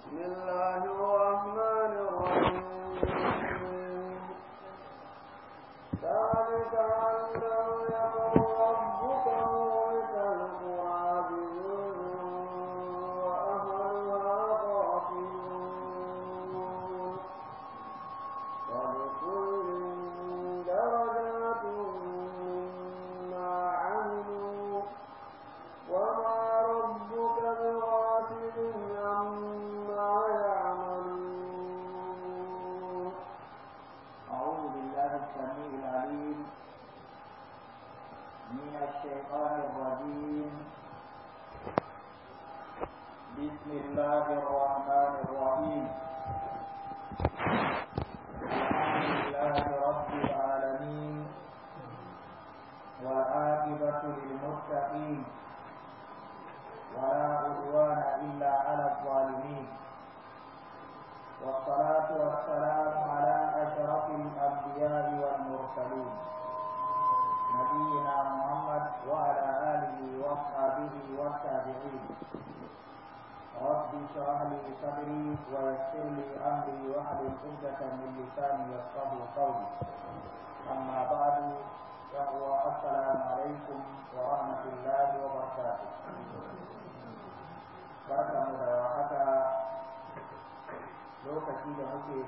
بسم الله الرحمن الرحيم ذلك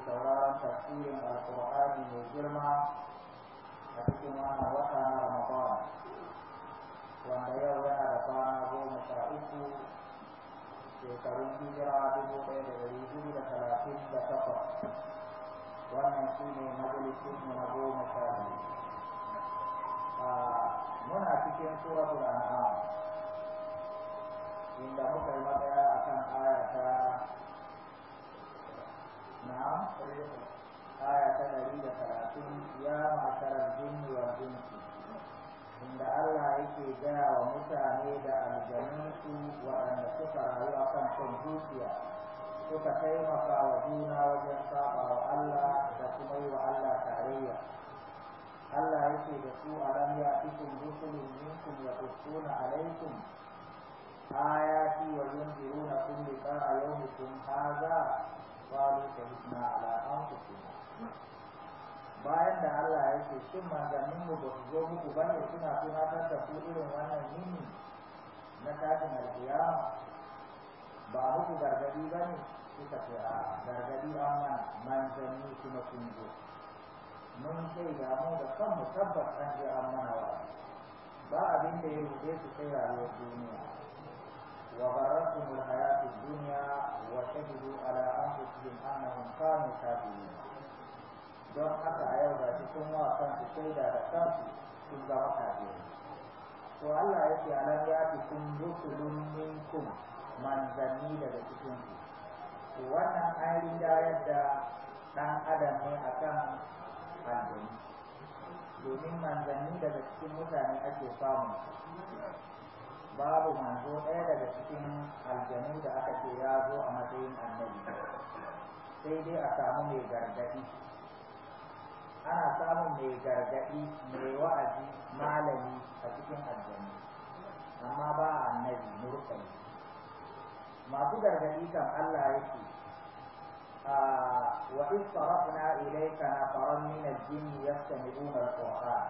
sauraron tafsirin alkur'ani mai girma a cikin wannan wata na ramadan wanda yau yana da kwana goma sha uku shekarun hijira dubu ɗaya da ɗari biyu da talatin da takwas wannan shi ne mu na goma sha biyu muna cikin suratul an'am inda muka yi matsaya akan aya ta نعم آية تدريد ثلاثين يا معشر الجن والإنس إن الله يكي جاء ومتعني دا الجنس وأن سكر يوقن كنجوسيا suka taimaka wa juna wajen saba wa Allah da kuma yi wa Allah tarayya. Allah yake da su a lam ya cikin rusulun minkum ya kusuna alaikum ayati wa yunziruna kum liqa yawmikum hadha qalu shahidna ala anfusina bayan da Allah yake shin maganin mu ba su zo muku ba ne suna tunatar da ku irin wannan yini na tashin alkiyama ba muku gargadi ba ne suka ce a gargadi an mana manzanni kuma sun zo mun ga mu da kanmu tabbas an je an wa ba abin da ya rufe su kai rayuwar duniya وغرتهم الحياة الدنيا وشهدوا على أنفسهم أنهم كانوا كافرين don haka a yau gashi sun wa kansu shaida da kansu sun zama kafirai to Allah yake a nan ya fi kun rusulun minkum manzanni daga cikin ku to wannan an riga da dan adam ne akan manzanni domin manzanni daga cikin mutane ake samu babu manzo ɗaya daga cikin aljanu da aka ce ya zo a matsayin annabi sai dai a samu mai gargaɗi ana samun mai gargaɗi mai wa'azi malami a cikin aljanu amma ba annabi murtali masu gargaɗi kan Allah yake wa in sarafna ilayka nafaran min al-jinn yastami'una al-qur'an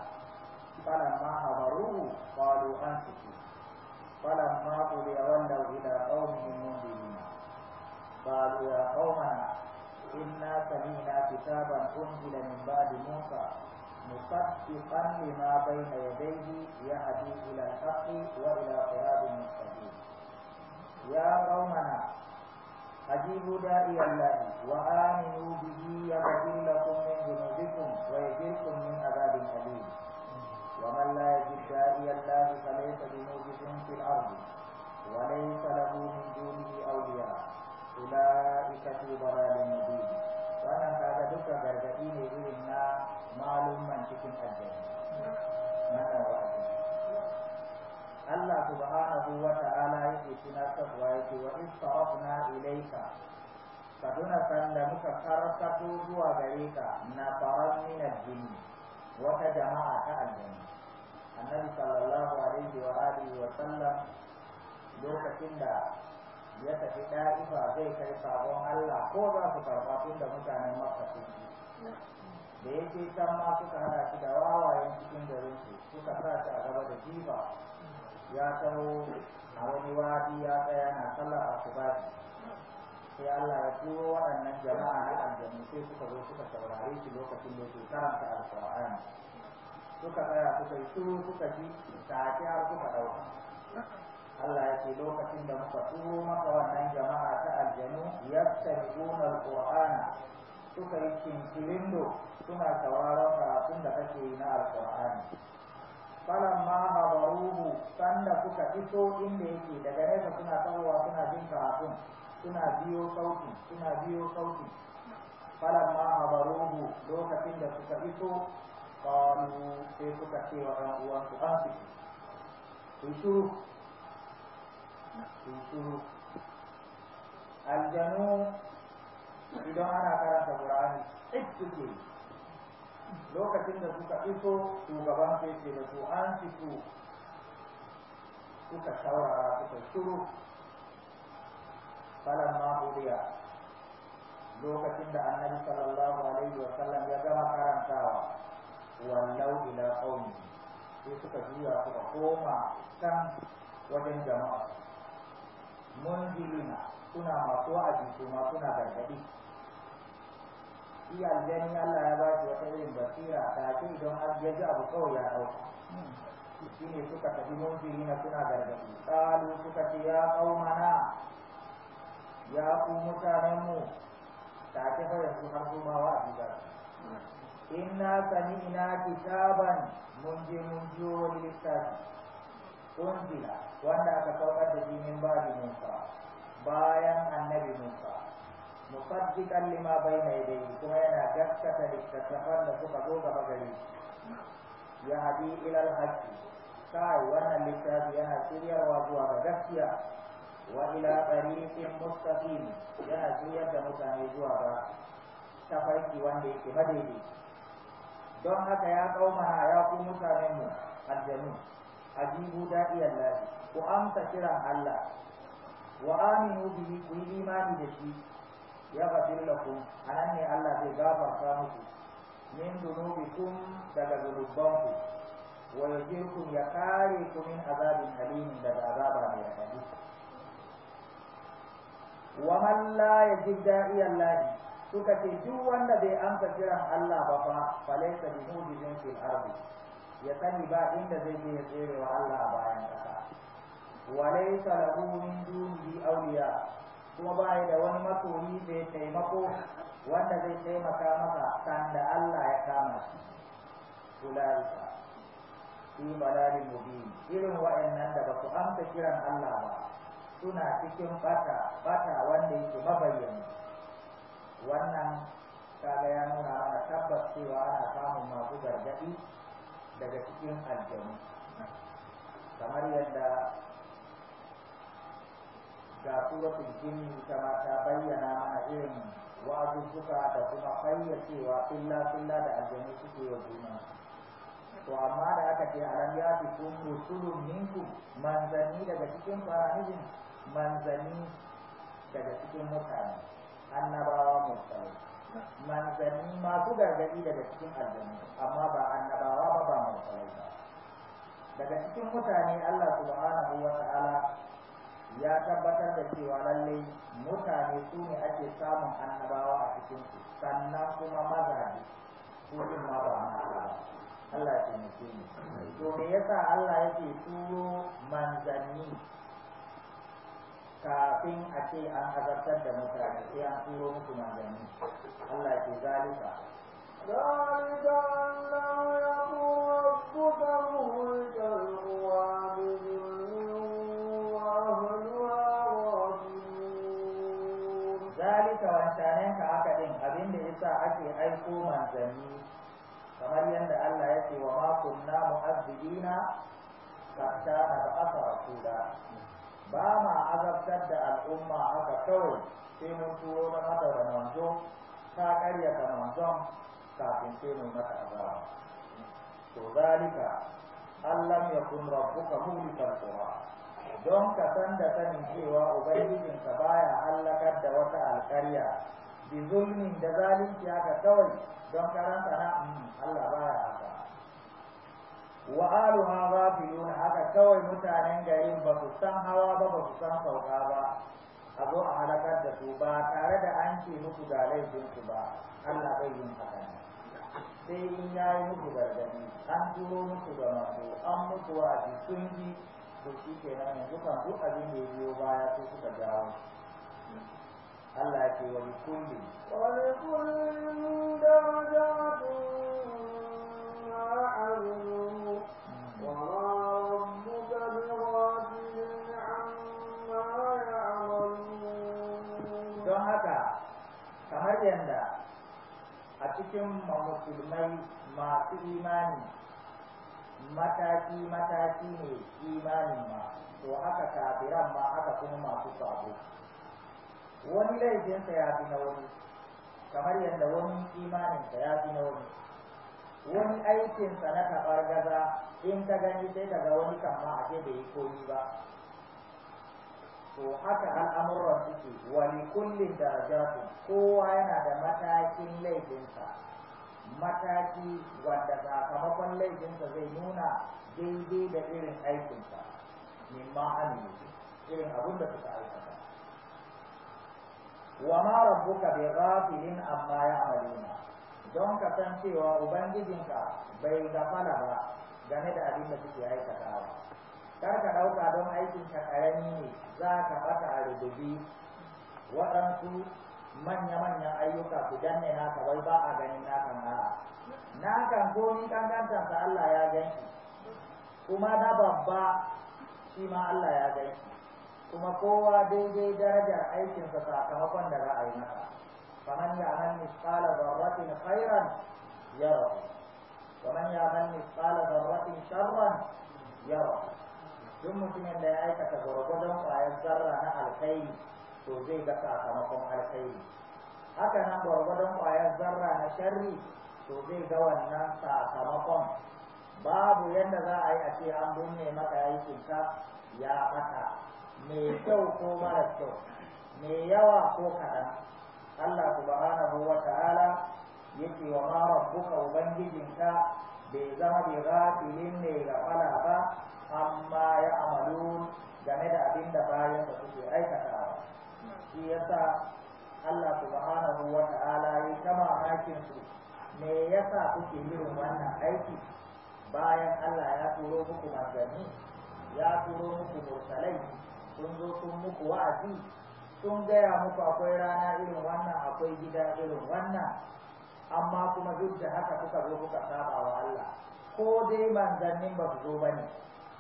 falamma hadaruhu qalu ansitu Pada mahu dia wanda Bila kaum mengundi Bagi ya kauman Inna salina kitaban Unjil min badi Musa Musabtikan lima Baina yadaihi Ya hadith ila haqi Wa ila qiradun mustadi Ya kauman Ajibu dari Allah Wa aminu bihi Ya badillakum min junudikum Wa yajirkum min adabin adil ومن لا يجد داعي الله فليس بموجد في الأرض وليس له من دونه أولياء أولئك في ضلال مبين wannan kaga duka gargaɗi ne irin na malumman cikin addini Allah subhanahu wa ta'ala yake tunatarwa yake wa in ilayka ka tuna sanda muka karkato zuwa gare ka na faran min addini wata jama'a ta aljanna annabi sallallahu alaihi wa alihi wa sallam lokacin da ya tafi da'ifa zai kai sabon Allah ko za su karɓa tun da mutanen makka sun da ya san ma suka hada shi da wawayen cikin garin su suka sa shi a gaba da jifa ya taho a wani wadi ya tsaya na sallar asubahi sai Allah ya turo waɗannan jama'a na aljanu sai suka zo suka saurare shi lokacin da ke karanta alƙur'ani suka tsaya suka yi shiru suka ji tafi har suka ɗauka Allah ya ce lokacin da muka turo maka wannan jama'a ta aljanu yattabi'una alqur'ana suka yi kinkirindo suna sauraron karatun da kake yi na alqur'ani falamma hadaruhu sanda suka iso inda yake daga nesa suna tawowa suna jin karatun suna biyo sauti suna biyo sauti falamma hadaruhu lokacin da suka iso qalu sai suka ce wa ɗan uwan su an fito ku shuru ku shuru aljanu idan ana karanta qur'ani tsittuke lokacin da suka iso shugaban sai da su an fito suka saurara suka shuru falan ma lokacin da annabi sallallahu alaihi wa sallam ya gama karantawa wallau ila qaumi sai suka juya suka koma can wajen jama'a munzilina suna masu jinsu ma suna gargadi shi aljani Allah ya ba shi wata irin basira ta ke don ya ji abu kawai ya ɗauka shi ne suka tafi mun suna gargadi ƙalu suka ce ya mana ya ku mutanenmu ta ke fara su har su ma wa'azi ba inna sami'na kitaban mun je mun jiyo wani littafi unzila wanda aka saukar da shi min babi bayan annabi musa musaddiqan lima bayna yadayhi kuma yana gaskata littattafan da suka zo gaba gare shi ya hadi ila haqqi kai wannan littafi yana shiryarwa zuwa ga gaskiya wa ila tariqin mustaqim yana shiryar da mutane zuwa ga tafarki wanda yake madaidai don haka ya kauma ya ku mutanen mu aljanu ajibu da'iyan lahi ku amsa kiran Allah wa aminu bihi ku yi imani da shi yaghfir lakum nan ne Allah zai gafarta muku min dunubikum daga zunubanku wa yajirkum ya kare ku min azabin alimin daga azaba mai raɗaɗi wa man la yajid da'iya Allah suka ce duk wanda bai amsa kiran Allah ba fa falaysa bi mujizin fil ardi ya sani ba inda zai je ya tsere wa Allah a bayan kasa wa laysa lahu min dunihi awliya kuma ba da wani masoyi zai taimako wanda zai taimaka maka kan da Allah ya kama shi ulaika fi balalin mubi irin wa'annan da ba su amsa kiran Allah ba suna cikin bata bata wanda yake mabayyana wannan kaga ya nuna mana tabbas cewa ana samun masu gargadi daga cikin aljanu kamar yadda ga suratul jinni ita ma ta bayyana mana irin wa'azuzzuka da kuma fayyacewa filla filla da aljanu suke wa juna to amma da aka ce alam ya fi kun rusulun minku manzanni daga cikin faranijin manzanni daga cikin mutane annabawa mutane manzanni masu gargadi daga cikin aljanu amma ba annabawa ba ba mutane ba daga cikin mutane Allah subhanahu wa ta'ala ya tabbatar da cewa lallai mutane su ne ake samun annabawa a cikin su sannan kuma mazaje su din ma ba Allah ya taimake ni to me yasa Allah yake turo manzanni kafin a ce an azabtar da mutane sai an turo musu manzanni Allah ya ce zalika zalika ake aiko manzanni kamar yadda Allah ya ce wa ma kunna mu'azzibina hatta su rasula ba ma azabtar da al'umma haka kawai sai mun turo na mata da manzo ta karya karyata manzon kafin sai mun mata azaba to zalika allam yakun rabbuka muhlikal qura don ka san da sanin cewa ubangijinka baya hallakar da wata alkarya bi zulmi da zalunci haka kawai don karanta na mm, Allah baya haka wa aluha ghafilun haka kawai mutanen garin ba su san hawa ba ba su san sauka ba a zo a halakar da su ba tare da an ce muku ga laifin su ba Allah bai yin haka sai in ya yi muku gargadi an turo muku ga masu an muku wa sun ji to shi kenan yanzu kan duk abin da biyo baya su suka jawo Allah ya ce wani kulli wani kullin don haka kamar yadda a cikin musulmai masu imani mataki-mataki ne imanin ma to haka kafiran ma haka kuma masu sabo wani laifinsa ya fi na wani kamar yadda wani imaninsa ya fi na wani wani aikinsa na taɓar gaza in ka gani sai daga wani kama a ce bai yi koyi ba to haka al'amuran suke wani kullum da darajatu kowa yana da matakin laifinsa mataki wanda sakamakon laifinsa zai nuna daidai da irin aikinsa min ma'amini irin abin da suka aikata wa ma rabbuka bi ghafilin amma ya'maluna don ka san cewa ubangijinka bai gafala ba game da abin da suke ba kar ka dauka don aikin ka karami ne za ka bata a rububi waɗansu manya-manyan ayyuka ku danne naka bai ba a ganin naka na nakan kan kankantar Allah ya ganki, kuma na babba shi ma Allah ya ganki. kuma kowa daidai darajar aikinsa sakamakon da za a yi masa faman ya man misqala zarratin khairan yara waman ya man misqala zarratin sharran yara duk mutumin da ya aikata gwargwadon ƙwayar zarra na alkhairi to zai ga sakamakon alkhairi haka nan gwargwadon ƙwayar zarra na sharri to zai ga wannan sakamakon babu yadda za a yi a ce an binne maka ka ya ɓata Me kyau ko mara kyau me yawa ko kaɗan Allah subhanahu wa ta'ala yake wa ma rabbuka ubangijinka bai zama bi ghafilin ne ga fala ba amma ya amalu game da abin da bayan da suke aikatawa shi yasa Allah subhanahu wa ta'ala ya kama hakin su me yasa kuke irin wannan aiki bayan Allah ya turo muku manzanni ya turo muku mursalai sun zo sun muku wa'azi sun gaya muku akwai rana irin wannan akwai gida irin wannan amma kuma duk da haka kuka zo kuka saba wa Allah ko dai manzannin ba su zo ba ne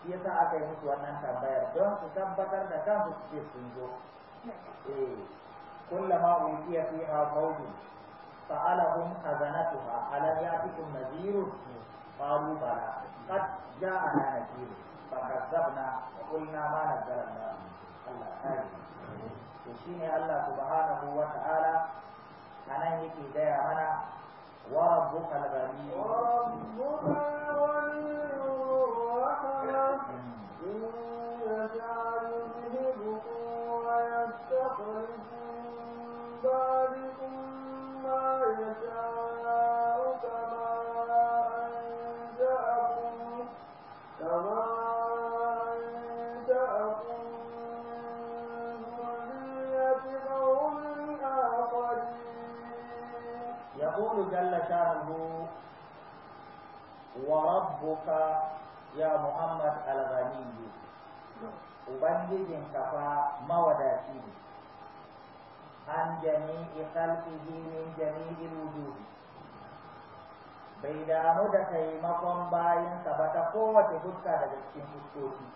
shi yasa aka yi musu wannan tambayar don su tabbatar da kansu su ce sun zo eh kullama ulqiya fiha mawdu fa'alahum azanatuha alam ya'tikum nadhirun qalu bala qad ja'ana nadhirun فكذبنا وقلنا ما نزل الله تشيني الله سبحانه وتعالى أنا هيك هداية أنا وربك الغني وربك الغني الرحمة إن يجعل به بقوة يستخرج من بعدكم ما يشاء شأنه وربك يا محمد الغني ubangijinka fa mawadaci ne an jami'i khalqihi min jami'i wujuhi bai damu da taimakon bayansa ba ta kowace dukka daga cikin fuskoki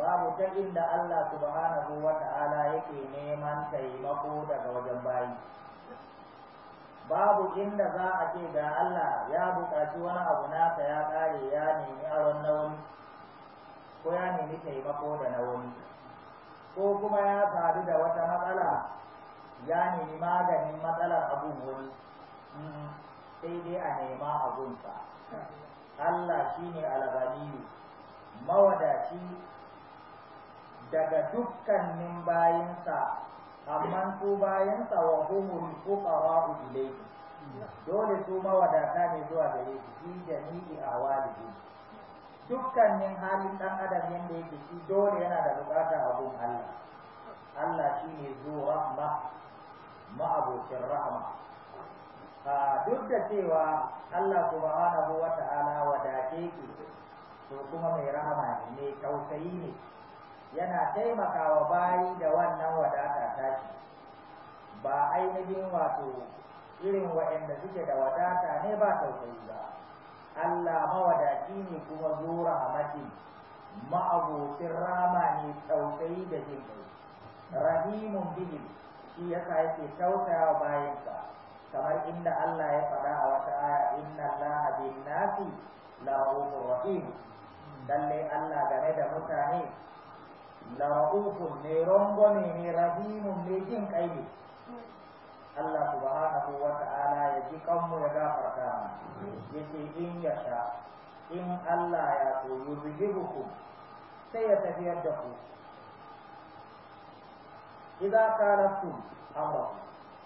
babu ta inda Allah subhanahu wa ta'ala yake neman taimako daga wajen bayi babu inda za a ce ga Allah ya buƙaci wani abu nasa ya ƙare ya nemi aron na ko ya nemi taimako da na ko kuma ya sadu da wata matsala ya nemi maganin matsalar abun wani mm-hmm, sai dai a nema abunsa Allah shi ne alghaniyu mawadaci daga dukkanin bayinsa Amman su bayan sa ko humul fuqara ilayhi dole su ma wadata ne zuwa gare shi fi jami'i walidi dukkanin halin dan adam yanda yake shi dole yana da bukata a gun Allah Allah ne zuwa rahma ma'abokin rahma duk da cewa Allah subhanahu wa ta'ala ala ki to kuma mai rahama ne kausayi tausayi ne yana taimakawa bayi da wannan wadata tashi ba ainihin wato irin waɗanda suke da wadata ne ba tausayi ba Allah mawadaci ne kuma zura hamati ma'abocin rama ne tausayi da jin kai rahimun bihim shi yasa yake tausaya bayansa kamar inda Allah ya faɗa a wata aya inna Allaha bin nasi la rahim dalle Allah game da mutane la ra'ufun ne rongo ne rahimun ne jin kaibe Allah subhanahu wa ta'ala ya ji kanmu ya gafarta mu yace in sha, in Allah ya so ku sai ya tafiyar da ku idza qalatu amra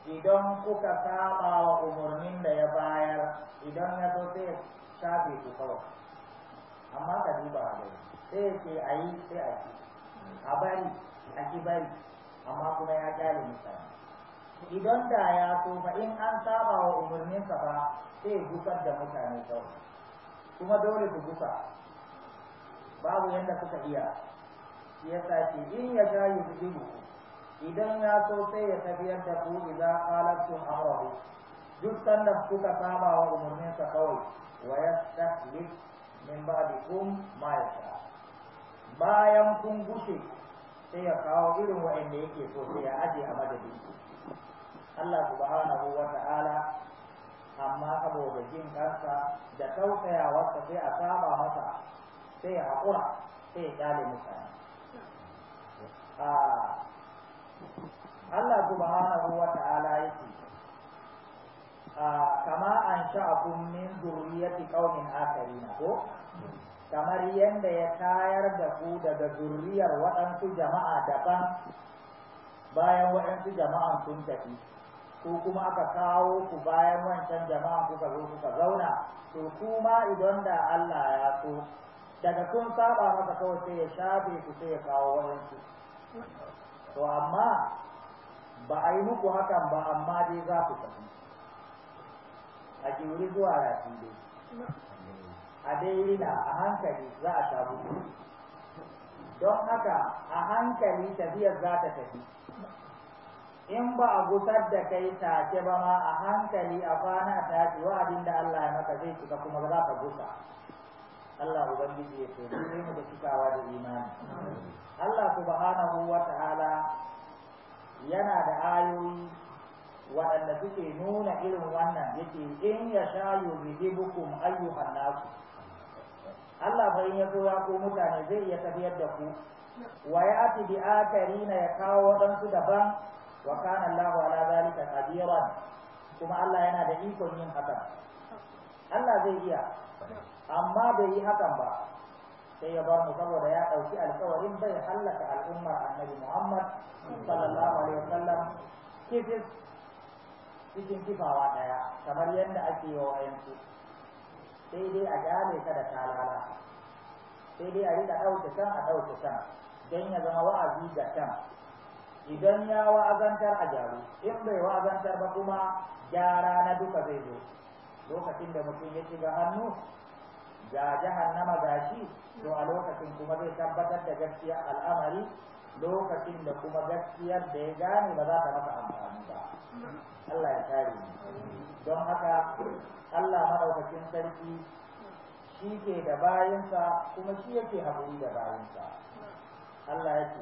idan kuka saba wa umarnin da ya bayar idan ya zo sai ya shafe ku amma ka duba a sai ke ayi sai a yi a bari a ki bari amma kuma ya kyale mutane idan da ya so ba in an saba wa umarninsa ba sai gusar da mutane kawai kuma dole ku gusa babu yadda suka iya ya sace in ya ga yuzibu idan ya so sai ya tafiyar da ku idza qalatu amrahu duk sanda kuka saba wa umarninsa kawai wa yastahlif min ba'dikum ma yasha bayan sun gushe sai ya kawo irin wa'anda yake so sai ya aje a madadin su Allah subhanahu wa ta'ala amma saboda jin kansa da wasa sai a saba masa sai ya haƙura sai ya ƙyale mutane Allah subhanahu wa ta'ala yake kama an sha'akum min ƙaunin qaumin akharina ko kamar yadda ya tayar da ku daga zurriyar waɗansu jama'a daban bayan waɗansu jama'a sun tafi ko kuma aka kawo ku bayan wancan jama'a kuka zo kuka zauna to ku ma idan da Allah ya so daga kun saba masa kawai sai ya shafe ku sai ya kawo waɗansu to amma ba a yi muku hakan ba amma dai za ku tafi a jiri zuwa rafi dai a daina a hankali za a samu don haka a hankali tafiyar za ta tafi in ba a gusar da kai take ba ma a hankali a kwana a wa wa'adin da Allah ya maka zai cika kuma ba za ka gusa Allah ubangiji ya ce ne mu da cikawa da imani Allah subhanahu wa ta'ala yana da ayoyi waɗanda suke nuna irin wannan yake in ya sha yuridibukum ayyukan nasu Allah fa in ya so ya ko mutane zai iya tafiyar da ku wa ya ati bi akarina ya kawo waɗansu daban wa kana Allahu ala zalika qadiran kuma Allah yana da ikon yin hakan Allah zai iya amma bai yi hakan ba sai ya bar mu saboda ya ɗauki alkawarin bai hallaka al'ummar annabi Muhammad sallallahu alaihi wasallam kifis cikin kifawa ɗaya kamar yadda ake yi wa wayansu sai dai a gane ka da talala sai dai a rika ɗauke can a ɗauke can don ya zama wa'azi ga can idan ya wa'azantar a gyaru in bai wa'azantar ba kuma gyara na duka zai zo lokacin da mutum ya shiga hannu ga jahannama gashi to a lokacin kuma zai tabbatar da gaskiya al'amari lokacin da kuma gaskiyar da ya gani ba za ta masa amfani ba Allah ya kare ni don haka Allah madaukakin sarki shi ke da bayansa kuma shi yake hakuri da bayansa Allah ya ce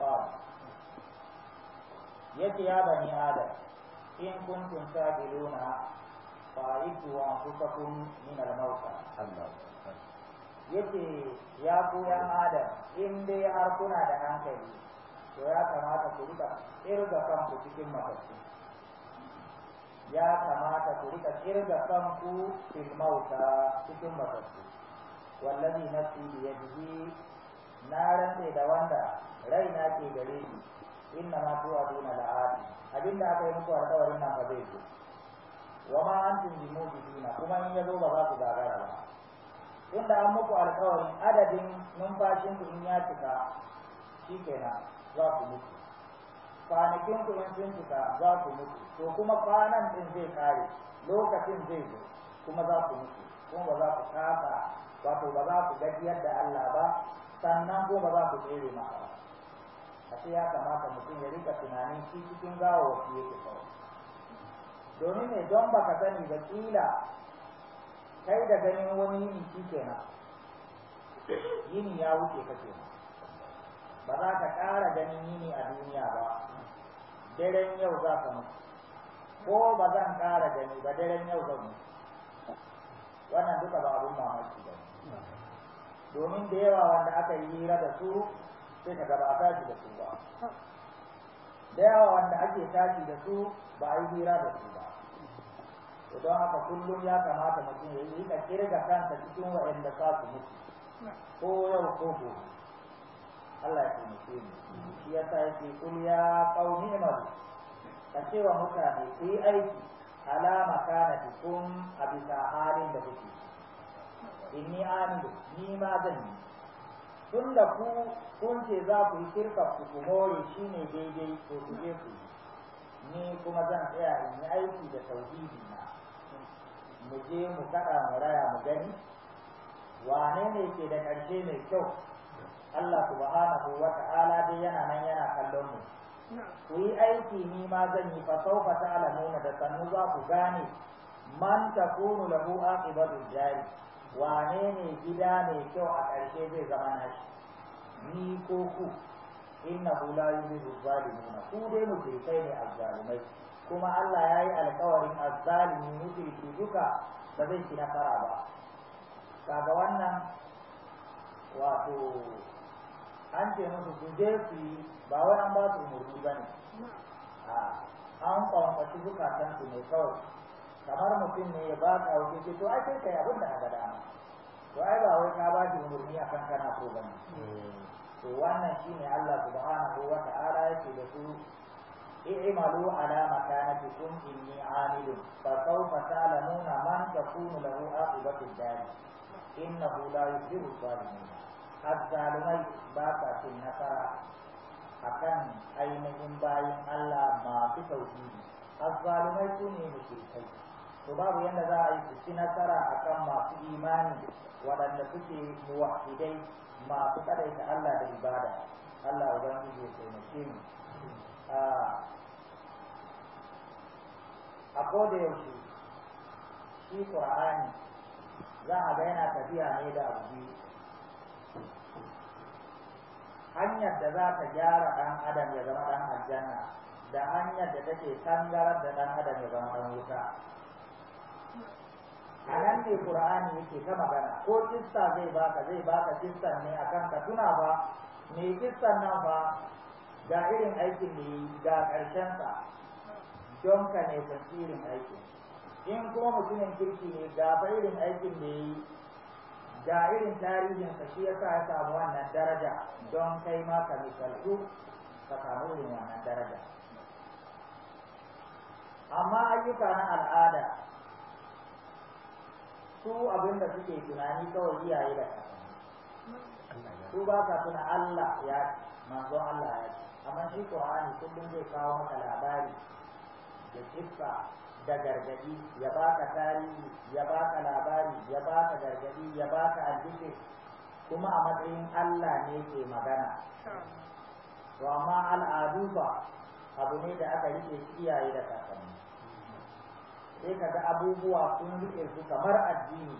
قال يتي يا بني آدم إن كنتم سابلون فأعدوا أنفسكم من الموت yace ya ku yan adam in dai har kuna da hankali to ya kamata ku rika irga kanku cikin matattu ya kamata ku rika irga kanku fil mauta cikin matattu wallazi nafsi bi yadihi na rantse da wanda raina ke gare shi inna ma tu'aduna la'ati abinda aka yi muku alƙawarin nan ba zai zo wa ma antum bi mu'minina kuma in ya zo ba za ku gagara ba Inda an muku alƙawarin adadin numfashin ku in ya cika kenan za ku mutu kwanakin ku in sun cika za ku mutu to kuma kwanan din zai kare lokacin zai zo kuma za ku mutu kuma ba za ku kasa wato ba za ku gaji yadda Allah ba sannan kuma ba za ku tsere maka ba ashe ya kamata mutum ya rika tunanin shi cikin gawawaki yake kawai domin ne don baka sani ba kila kai da ganin wani yini shi kenan yini ya wuce ka kenan ba za ka ƙara ganin yini a duniya ba daren yau za ka mutu ko ba zan ƙara gani ba daren yau zan mutu wannan duka ba abun mamaki ba domin da yawa wanda aka yi hira da su sai ka gaba tashi da su ba da yawa wanda ake tashi da su ba a yi hira da su ba don haka kullum ya kamata mutum ya yi ka kirga kansa cikin da za su mutu ko yau ko gobe Allah ya taimake mu shi ya sa yake kun ya ma imalu ka ce wa mutane ku yi aiki ala kun a bisa halin da kuke inni amilu ni ma zan yi tun da ku kun ce za ku yi shirka ku ku more shi ne daidai ko ku je ku ni kuma zan tsaya in yi aiki da tauhidi na mu je mu kaɗa mu raya mu gani wane ne ke da ƙarshe mai kyau Allah subhanahu wa ta'ala dai yana nan yana kallon mu ku yi aiki ni ma zan yi fa sawfa ta'lamuna da sannu za ku gane man takunu lahu aqibatu jari wane ne gida mai kyau a ƙarshe zai zama nashi ni ko ku inna hu la yuzibu zalimuna ku dai kai ne azzalumai kuma Allah ya yi alƙawarin azzalimi mutriki duka ba zai ci nasara ba kaga wannan wato an ce musu su je su yi ba wai an ba su umurni ba ne an kwamfaci zukatansu mai kawai kamar mutum ne ya ba ka wuce ce to ai sai kai abin da aka to ai ba wai ka ba shi umarni a kan kana so ba ne to wannan shine Allah subhanahu wa ta'ala yake da su i'malu ala makanatikum inni amilun fa sawfa ta'lamuna man takunu lahu aqibatu dar innahu la yuflihu zalimun azzalumai ba sa cin nasara akan ainihin bayin Allah masu tauhidi azzalumai su ne mushrikai to babu yadda za a yi su ci nasara kan masu imani waɗanda suke muwahidai masu ƙadaita Allah da ibada Allah ubangiji ya taimake mu a da yaushe shi qur'ani za a ga yana tafiya ne da abu biyu hanyar da za ta gyara ɗan adam ya zama ɗan aljanna da hanyar da take tangarar da ɗan adam ya zama ɗan wuta a ne qur'ani yake ta magana ko kissa zai baka zai baka kissan ne akan ka tuna ba me kissan nan ba ga irin aikin da yi ga ƙarshen ka don ka ne tasirin aikin in kuma mutumin kirki ne ga irin aikin da yi ga irin tarihin sa shi yasa ya samu wannan daraja don kai ma ka misaltu ka samu irin wannan daraja amma ayyuka na al'ada su abinda suke tunani kawai iyaye da kakanni su ba ka tuna Allah ya manzo Allah ya ce amma shi Qur'ani kullum zai kawo maka labari da kissa da gargadi ya baka tarihi ya baka labari ya baka gargadi ya baka albishir kuma a matsayin Allah ne ke magana to amma al'adu ba abu ne da aka rike iyaye da kakanni sai ka ga abubuwa sun riƙe su kamar addini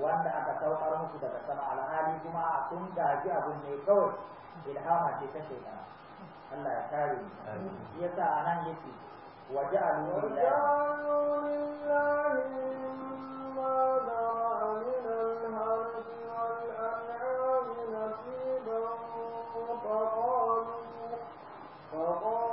wanda aka saukar musu daga sama alhali kuma a sun gaji abun ne kawai ilhama ce ta shekara Allah ya kare mu shi yasa anan yake وجعلوا لله مما فقالوا فقالوا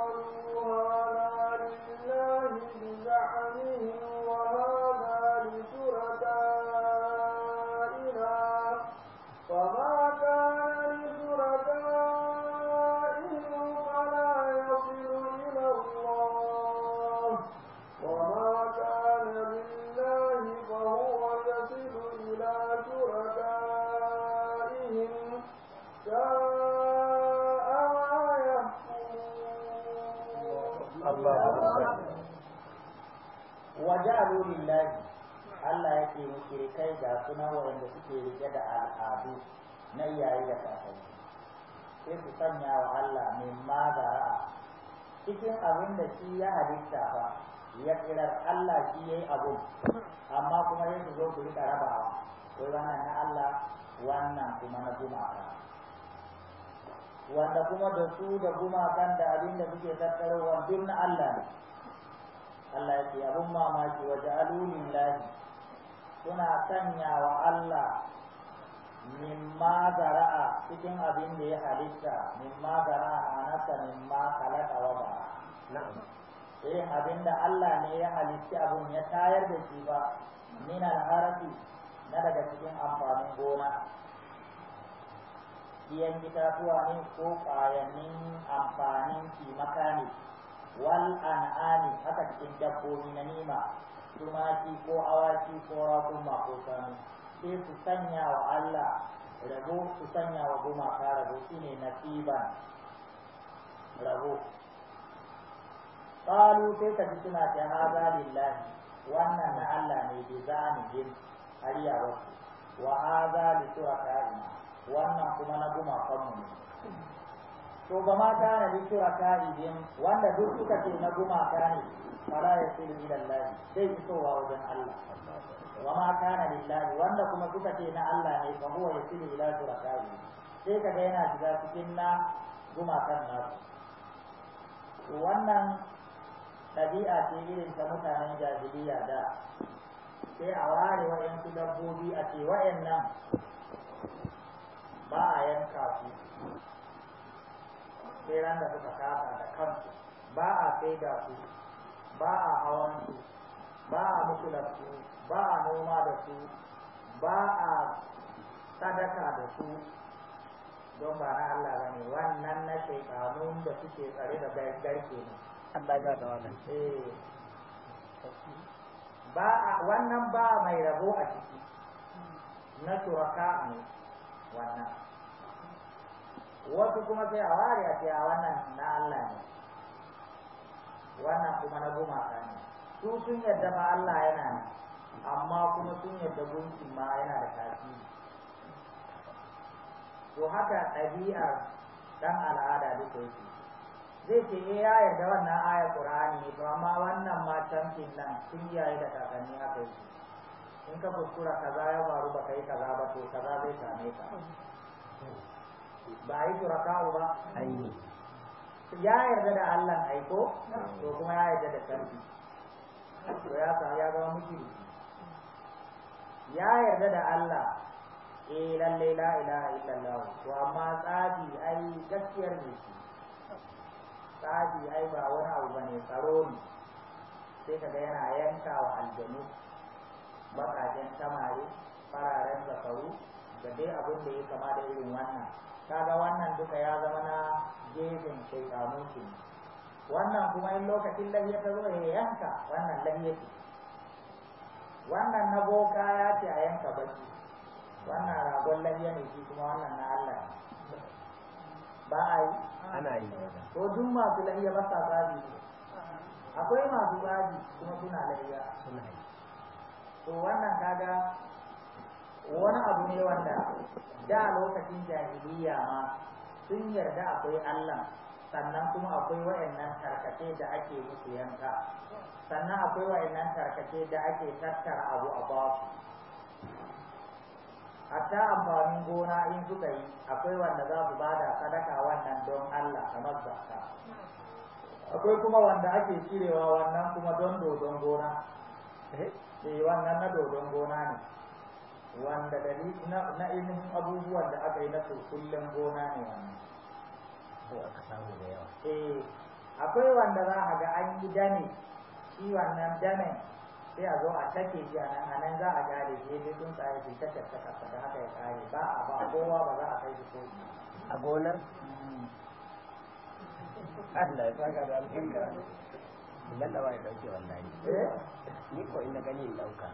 wajalu lillahi Allah yake kai ga suna wanda suke rike da al'adu na yayi da kafai sai su sanya wa Allah min madara cikin abin da shi ya halitta fa ya kirar Allah shi yayi abun amma kuma yanzu zo ku rika rabawa ko wannan na Allah wannan kuma na gumaka wanda kuma da su da gumakan da abin da suke tattarowa duk na Allah ne Allah ya ce abin mamaki wa ja'alunin lahi suna sanya wa Allah ma zara'a cikin abin da ya halitta ma zara'a min ma khalaqa wa ba'a irin eh, abin da Allah ne ya halitta abun ya tayar da shi ba min alharati na daga cikin amfanin gona biyan itatuwa ne ko ƙwayannin amfanin cimaka ne wal an'ami haka cikin dabbobi na nima tumaki ko awaki ko raƙuma ko sanu su sanya wa Allah rabo su sanya wa gumaka rabo shine nasiban rabo qalu sai ka ji suna ta haza lillahi wannan na Allah ne bi zamu jin har wasu wa haza li shurakaina wannan kuma na kanmu ne to ba ma ta na bishira ta idin wanda duk suka ce na gumaka ne fara ya sai ila lallahi sai isowa wajen Allah wa ma kana lillahi wanda kuma suka ce na Allah ne fa huwa yasilu ila shuraka'i sai kaga yana shiga cikin na gumakan nasu to wannan ɗabi'a ce irin ta mutanen jahiliya da sai a ware wa'yansu dabbobi a ce nan. sai ran da suka kasa da kansu ba a da su ba a hawan su ba a mutular su ba a noma da su ba a sadaka da su don ba na Allah ba ne wannan na shaitanun da suke tsare da garke ne wannan ba a wannan ba mai rabo a ciki na turaka ne wannan wasu kuma sai a ware a cewa wannan na Allah ne wannan kuma na gumaka ne su sun yadda ma Allah yana ne amma kuma sun yadda gunki ma yana da tasiri to haka ɗabi'ar ɗan al'ada duka yake zai ce eh ya yarda wannan ayar Qur'ani ne to amma wannan ma tamkin nan sun yayi da kakanni haka yake in ka kuskura kaza ya faru baka yi kaza ba to kaza zai same ka ba a yi shuraka'u ba a yi ya yarda da Allah aiko to kuma ya yarda da sarki to ya sa ya zama mushriki ya yarda da Allah eh lalle la ilaha illallah to amma tsabi ai gaskiyar ne shi tsabi ai ba wani abu bane tsaro ne sai kaga yana yanka wa aljanu bakajen samari fararen zakaru da dai abin da ya kama da irin wannan kaga wannan duka ya zama na gefen shaitanun ke wannan kuma in lokacin lahiya ta zo ya yanka wannan lahiya ce wannan na boka ya ce a yanka baki wannan ragon lahiya ne shi kuma wannan na Allah ne ba a yi ana yi ko duk masu lahiya ba sa babi ne akwai masu babi kuma suna lahiya to wannan kaga wani abu ne wanda da lokacin jahiliya ma sun yarda akwai Allah sannan kuma akwai wayannan tarkace da ake musu yanka sannan akwai wayannan tarkace da ake tattara abu a basu hatta amfanin gona in suka yi akwai wanda za su bada sadaka wannan don Allah kamar zakka akwai kuma wanda ake cirewa wannan kuma don dodon gona eh, eh wannan na dodon gona ne wanda da na ainihin abubuwan da aka yi na kullum gona ne wannan ko aka samu da yawa eh akwai wanda za a ga an yi dane shi wannan dane sai a zo a take shi a nan a nan za a gare shi ne sun tsare shi ta ka da haka ya kare ba a ba kowa ba za a kai shi ko a gonar mm. Allah ya saka da alƙinka lallaba ya dauke wallahi eh? ni ko ina gani in dauka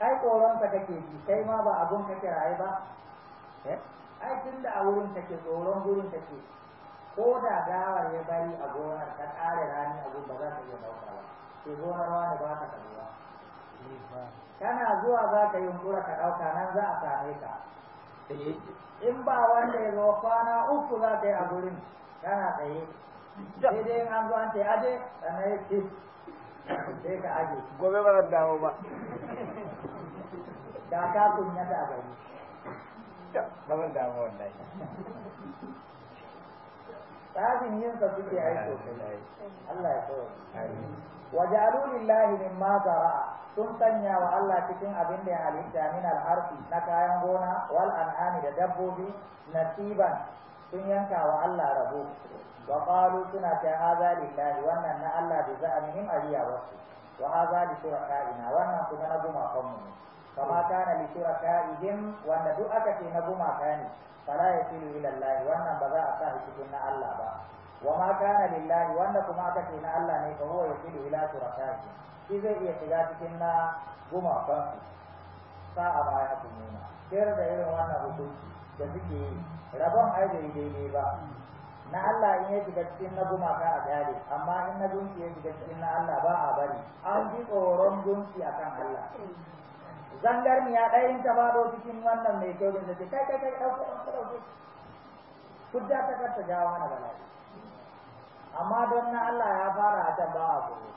ai koronka kake ji kai ma ba abun kake raye ba eh? ai tun da a wurin take tsoron gurin take ko da gawar ya bari a gonar ta ƙare rani a ba za ta iya ɗauka ba ke gonar wani ba ta karuwa kana zuwa za ka yunkura ka dauka nan za a same ka eh. in ba wanda ya zo kwana uku za ka yi a gurin kana tsaye sai dai an zo an ce aje sannan ya ce sai ka aje gobe ba zan dawo ba da ka kunya ta suke ai sosai Allah ya lillahi mimma sun sanya wa Allah cikin abin da ya halitta min alharfi na kayan gona wal an'ami da dabbobi nasiban sun yanka wa Allah rabo wa qalu suna ta haza lillahi wannan na Allah a za'amihim ariya wasu wa haza li shurakaina wannan kuma na gumakan mu kama kana li shuraka'ihim wanda duk aka ce na gumaka ne fala yasilu ila Allah wannan ba za a sa cikin na Allah ba wa ma kana lillahi wanda kuma aka ce na Allah ne fa huwa yasilu ila shuraka'ihi shi zai iya shiga cikin na gumakan sa a baya ku nuna sayar da irin wannan hukunci da suke yi rabon ai bai daidai ba na Allah in ya shiga cikin na gumaka a gare amma in na gunki ya shiga cikin na Allah ba a bari an ji tsoron gunki akan Allah zangarniya ɗaya in ta faɗo cikin wannan mai kyau din sai kai kai kai ɗauko ka ɗauko kudda ta karta jawo mana bala'i amma don na Allah ya fara a can ba a koyo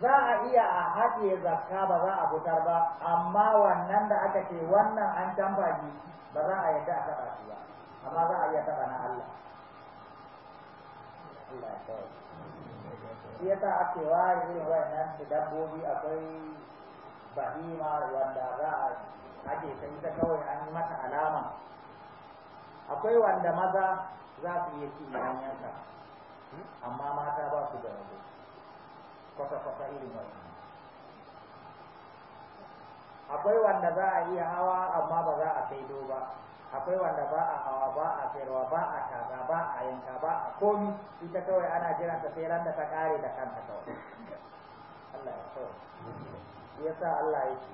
za a iya a haɗe zakka ba za a fitar ba amma wannan da aka ce wannan an can ba za a yadda a taɓa shi ba amma za a iya taɓa na Allah Allah ya kawai shi yasa ake ware irin su dabbobi akwai bahima wanda za a ake ta ita kawai an yi mata alama akwai wanda maza za su iya ci hanyarsa yanka amma mata ba su da rabo kwata-kwata irin wannan akwai wanda za a iya hawa amma ba za a kai ba akwai wanda ba a hawa ba a sayarwa ba a kaza ba a yanka ba a komi ita kawai ana jiran ta sai ran da ta kare da kanta kawai Allah ya kawai shi yasa Allah ya ce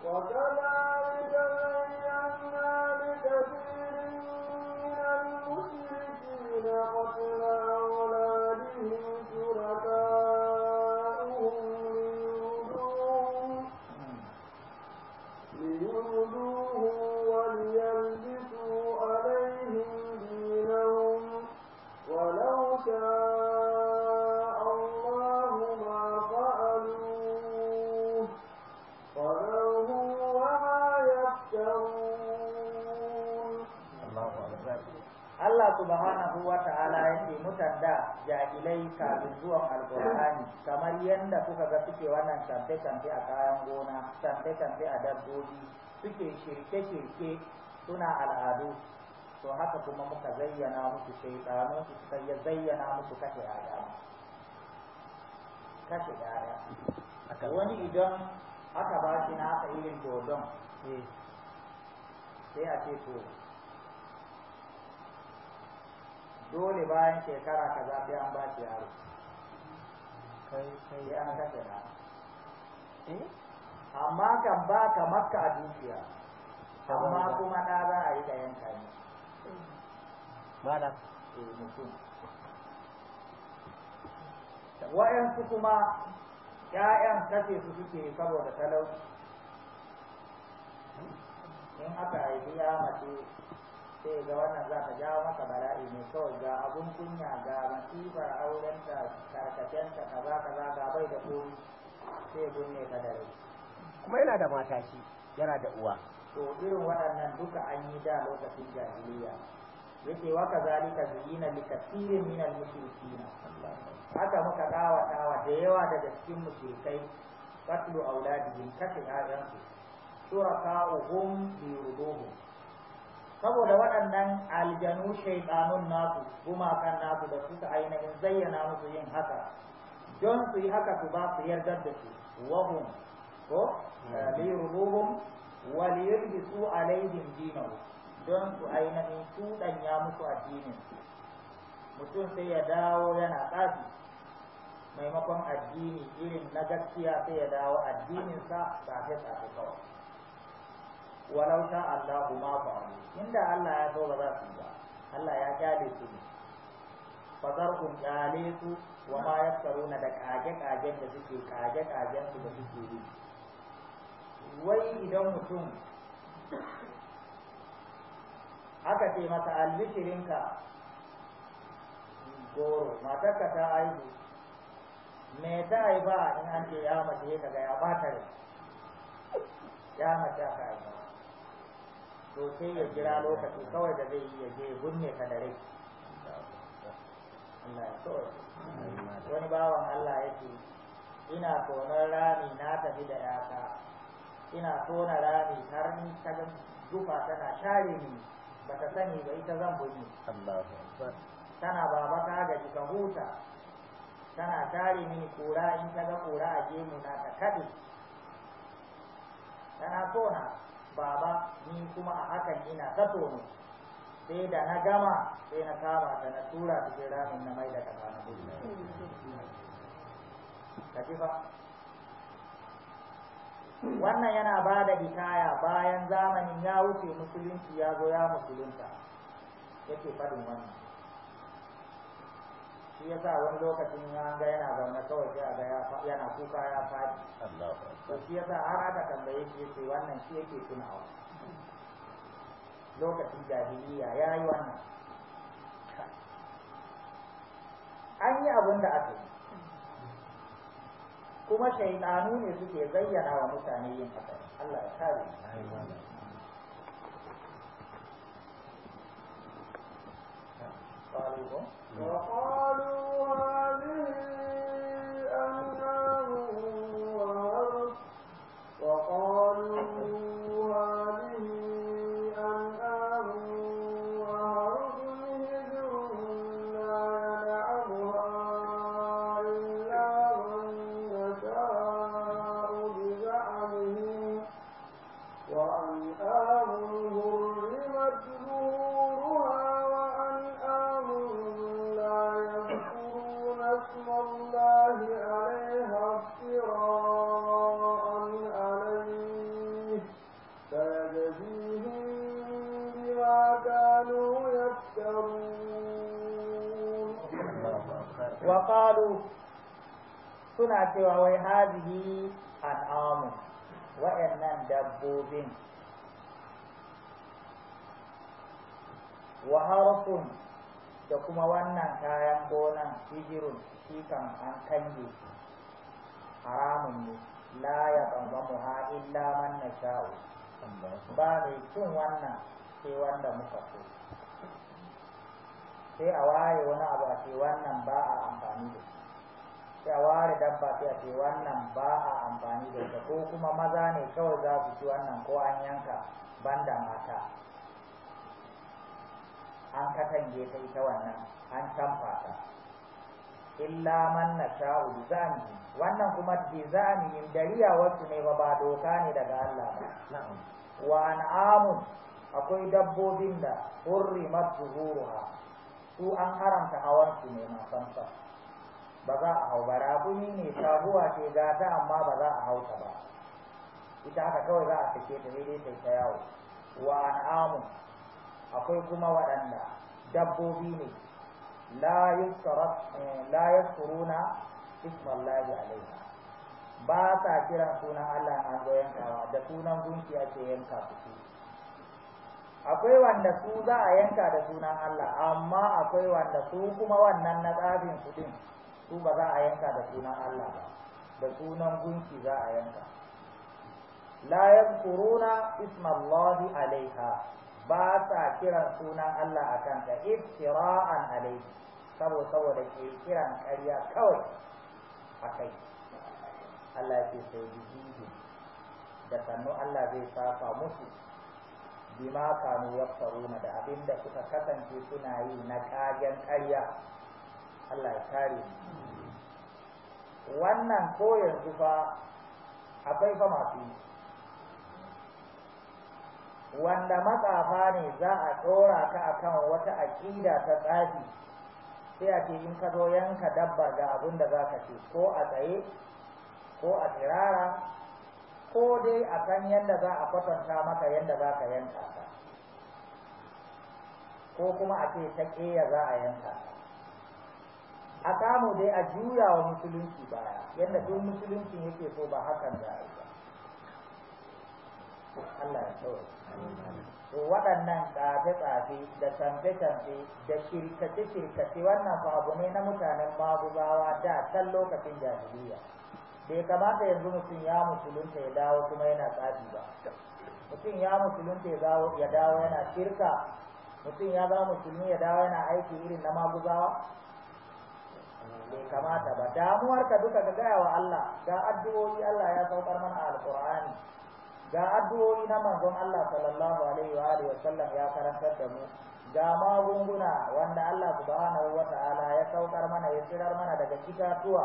وكذلك بينا لكثير من المشركين قتل أولادهم jahilai kafin zuwan alkur'ani kamar yadda kuka ga suke wannan canfe-canfe a kayan gona canfe-canfe a dabbobi suke shirke-shirke suna al'adu to haka kuma muka zayyana musu shaitanu su sai ya zayyana musu kashe yaya kashe yaya wani idan aka ba shi na irin dodon eh. sai a ce to dole bayan shekara ta sai an ba shi yaro sai an eh? amma kan ba ka makka a dukiya amma kuma ɗa za a yi da yanka ne da. eh mutum wa'yansu kuma ‘ya'yan kashe su suke saboda talauci in aka haifi ya mace sai ga wannan za ka jawo maka bala'i ne kawai ga abun kunya ga masifar aurenta za kaza kaza ga bai da komi sai gunne ka dare kuma yana da mata shi yana da uwa to irin waɗannan duka an yi da lokacin jahiliya yake wa kazalika zuyina li kathirin min al mushrikina haka muka dawa dawa da yawa daga cikin mushrikai qatlu auladihim kashe ƴaƴansu shuraka'uhum bi ruduhum saboda waɗannan aljanu shaiɗanun nasu gumakan nasu da suka ainihin zayyana musu yin haka don su yi haka su ba su yarda da su wahum ko hmm. eh, lirubuhum wa liyulbisu alaihim dinahu don su ainihin cuɗanya musu addinin mutum sai ya dawo yana ƙafi, maimakon addini irin na gaskiya sai ya dawo addininsa tsafe-tsafe kawai walau sha Allah ma fa'alu inda Allah ya so ba za su ba Allah ya kyale su ne kun kyale su wa ma yaftaruna da kage kagen da suke kage kagen su da suke yi wai idan mutum aka ce masa albishirinka goro matarka ta aihu me ta haifa in an ce ya mace ya ga ya bata ya mace ka haifa to sai ya jira lokaci kawai da zai iya je gunne ka da rai wani bawan Allah ya ce ina tonar rami na tafi da yata ina tona rami har ni ta ga zufa tana share ni ba ta sani ba ita zan bunyi tana baba ta gaji ka huta tana share ni kura in ta ga kura a gemu ta kaɗe tana tona baba ni kuma a hakan ina ta tono sai da na gama sai na kama ta na tura cikin ramin na mai da kasa na gudu wannan yana ba da hikaya bayan zamanin ya wuce musulunci ya zo ya musulunta yake faɗin wannan shi ya sa wani lokacin ya ga yana zaune kawai sai a ga yana kuka ya faɗi to shi ya har aka tambaye shi yace wannan shi yake tunawa lokacin jahiliya ya yi wannan an yi abin da aka yi kuma shaidanu ne suke zayyana wa mutane yin haka Allah ya kare وقالوا suna cewa wai hazihi al'amu wa'annan dabbobin wa harfun da kuma wannan kayan gonan hijirun shi kan an kange haramun ne la ya mu ha illa man na sha'u ba mai cin wannan sai wanda muka so sai a waye wani abu a ce wannan ba a amfani da shi sai dabba sai a ce wannan ba a amfani da ita ko kuma maza ne kawai za su ci wannan ko an yanka banda mata an katange ta ita wannan an canfa ta illa man sha'u bizani wannan kuma bizani dariya wasu ne ba ba doka ne daga Allah ba wa an'amun akwai dabbobin da hurri zuhuruha su an haramta hawan su ne ma samsa ba za a hau ba rabuni ne sabuwa ce ga ta amma ba za a hauta ba ita haka kawai za a sake ta sai dai sai ta yawo wa an'amu akwai kuma waɗanda dabbobi ne la eh, yaskuruna ismallahi alaiha ba sa kiran sunan Allah na zo yankawa da sunan gunki ce yanka su akwai wanda su za a yanka da sunan Allah amma akwai wanda su kuma wannan na tsabin su din su ba za a yanka da sunan Allah ba da sunan gunki za a yanka la yadhkuruna ismallahi alaiha ba sa kiran sunan Allah akan ta iftira'an alaihi saboda saboda ke kiran ƙarya kawai akai Allah ya ce sai bijihi da sannu Allah zai safa musu bima kanu yaftaruna da abinda suka kasance suna yi na kagen ƙarya Allah ya kare wannan ko yanzu fa akwai fa masu yi wanda matsafa ne za a tsora ka akan wata aƙida ta tsafi sai a ce in ka zo yanka dabba ga abin da za ka ce ko a tsaye ko a tsirara ko dai a kan yadda za a kwatanta maka yadda za ka yanka ko kuma a ce ta ƙeya za a yanka ka a samu dai a juya wa musulunci baya yadda duk musulunci yake so ba hakan za a yi ba Allah ya tsawo to waɗannan tsafe-tsafe da canfe-canfe da shirkace-shirkace wannan fa abu ne na mutanen magubawa da can lokacin jahiliya bai kamata yanzu mutum ya musulunta ya dawo kuma yana tsafi ba mutum ya musulunta ya dawo yana shirka mutum ya zama musulmi ya dawo yana aiki irin na magubawa? bai kamata ba Damuwar ka duka ka gaya wa Allah ga addu'o'i Allah ya saukar mana a alqur'ani ga addu'o'i na manzon Allah sallallahu alaihi wa alihi wasallam ya karantar da mu ga magunguna wanda Allah subhanahu wa ta'ala ya saukar mana ya tsirar mana daga kitatuwa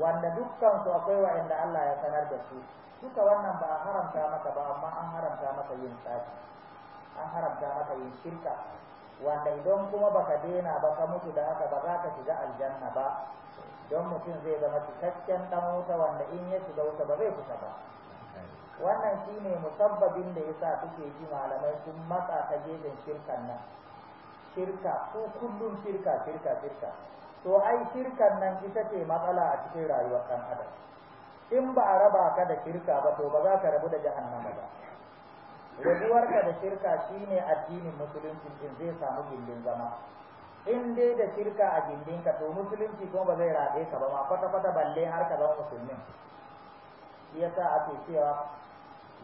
wanda dukkan su akwai wa'anda Allah ya sanar da su duka wannan ba a haramta maka ba amma an haramta maka yin tsaki an haramta maka yin shirka wanda idan kuma baka dena ba ka mutu da haka ba za ka shiga aljanna ba don mutum zai zama cikakken dan wuta wanda in ya shiga wuta ba zai fita ba wannan shine musabbabin da yasa kuke ji malamai sun matsa ta gefen shirkan nan shirka ko kullum shirka shirka shirka to ai shirkan nan ita ce matsala a cikin rayuwar ɗan adam in ba a raba ka da shirka ba to ba za ka rabu da jahannama ba ka da shirka shine addinin musulunci din zai samu gindin zama in dai da shirka a gindin ka to musulunci kuma ba zai rabe ka ba ma kwata kwata balle har ka zama musulmin shi yasa ake cewa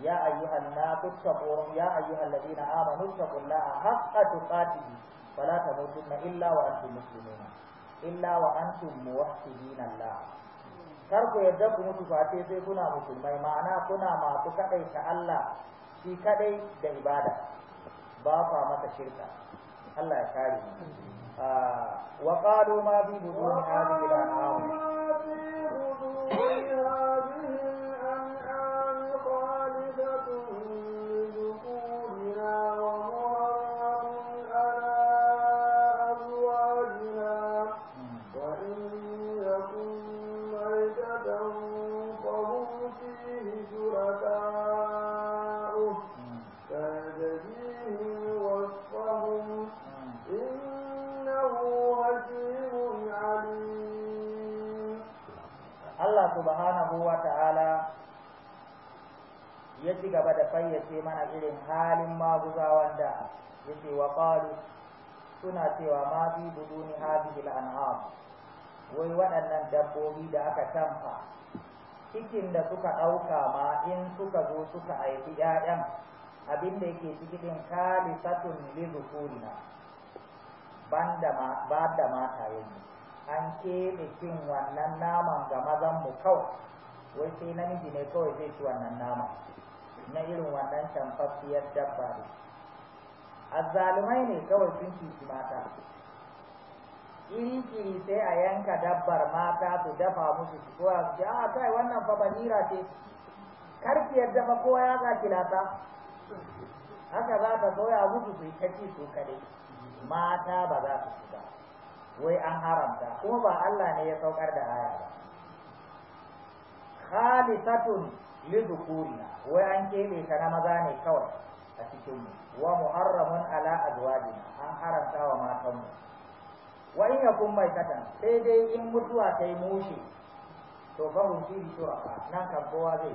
ya ayyuhan nasu taqur ya ayyuhal ladina amanu taqullaha haqqa tuqatih wala tamutunna illa wa antum muslimun illa wa antum muwahhidina Allah kar ku yadda ku mutu fate sai kuna musulmai ma'ana kuna masu kadai ta Allah shi kaɗai da ibada ba fa mata shirka Allah ya kare mu ah, wa qalu ma bi budun hadhihi al ci gaba da fayyace mana irin halin maguzawan da yake wa qalu suna cewa ma fi buduni hadhihi al-an'am wai waɗannan dabbobi da aka tamfa cikin da suka ɗauka ma in suka zo suka aiki ƴaƴan abin da yake cikin kalisatun li zukurina banda ma banda mata yanzu an keɓe cin wannan naman ga mazan mu kawai wai sai namiji ne kawai zai ci wannan naman na irin wannan tamfafiyar dabba ne azzalumai ne kawai sun kici mata iri kiri sai a yanka dabbar mata su dafa musu su kowa su ce a ah, kai wannan fa banira ce karki yadda fa kowa ya ki kilata haka za ta soya musu su yi ta ci su kadai mata ba za su ba wai an haramta kuma ba Allah ne ya saukar da aya ba khalisatun Kuri, wai an kebe ta na maza ne kawai a cikinmu wa muharramun ala azwajina an haramta wa matanmu wa in yakun mai kata sai dai in mutuwa ta yi mushe to fa hun fi shuraka nan kan kowa zai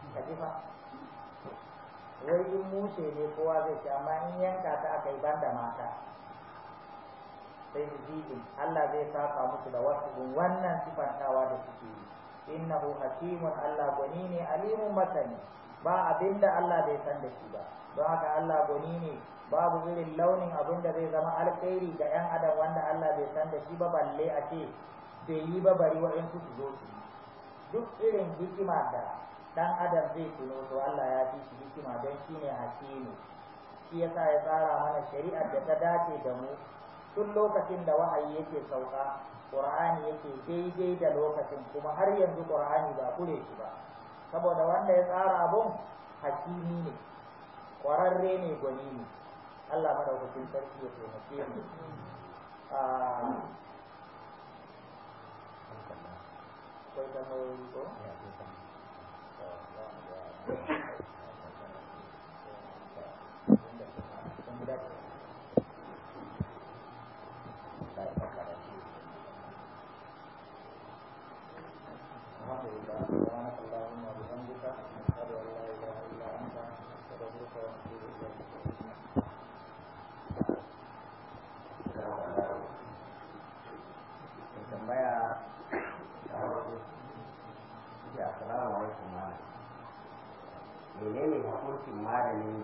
ci ka fa wai in mushe ne kowa zai ci amma in yanka ta akai banda mata sai su Allah zai saka musu da wasu wannan sifantawa da suke yi innahu hakimun Allah gwani ne alimun masani ba abinda Allah bai san da shi ba don haka Allah gwani ne babu irin launin abin da zai zama alkhairi ga yan adam wanda Allah bai san da shi ba balle a ce bai yi ba bari wa wa'insu su zo su duk irin hikima da dan adam zai tuno to Allah ya fi shi hikima don shi ne hakimi. shi yasa ya tsara mana shari'ar da ta dace da mu tun lokacin da wahayi yake sauka qur'ani yake daidai da lokacin kuma har yanzu qur'ani ba kure shi ba saboda wanda ya tsara abun hakimi ne kwararre ne gwani ne Allah madaukakin sarki ya taimake mu ah, Thank you. da ne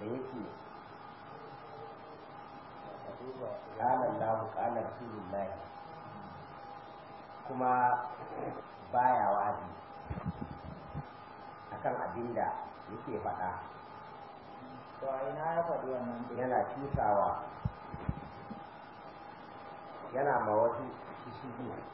da yake ƙalar lahu filin filullahi kuma baya wazi kan abin da yake faɗa yana cusawa yana ma wasu shishigi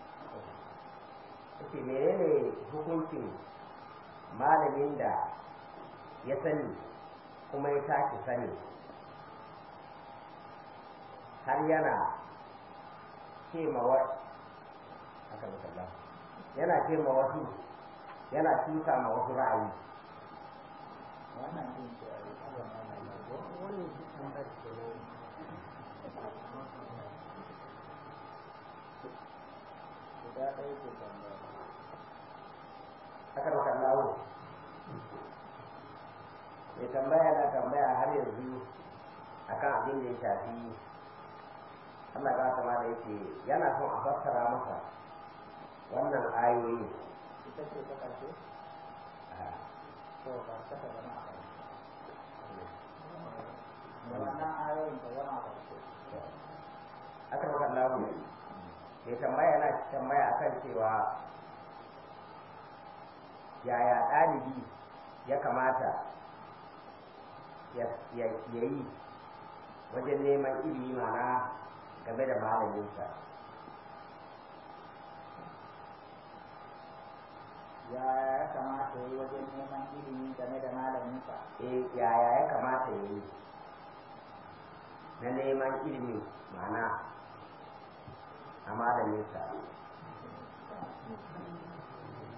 ce menene hukuncin malamin da ya sani kuma ya tashi sani har yana cemawa yana cema su yana tuta ma wasu ra'ayi guda ya ke akan maka lawo mai tambaya na tambaya har yanzu akan abin da ya shafi Allah ba ta mala yake yana son a fassara masa wannan ayoyi ita ce ta ƙarshe to ba ta zama a ƙarshe wannan ayoyin da yana da shi aka maka lawo mai tambaya na tambaya akan cewa yaya ɗalibi ya kamata ya yi wajen neman ilimi mana game da malaminsa yaya ya kamata ya yi wajen neman ilimi game da malaminsa eh yaya ya kamata ya yi na neman ilimi mana a malaminsa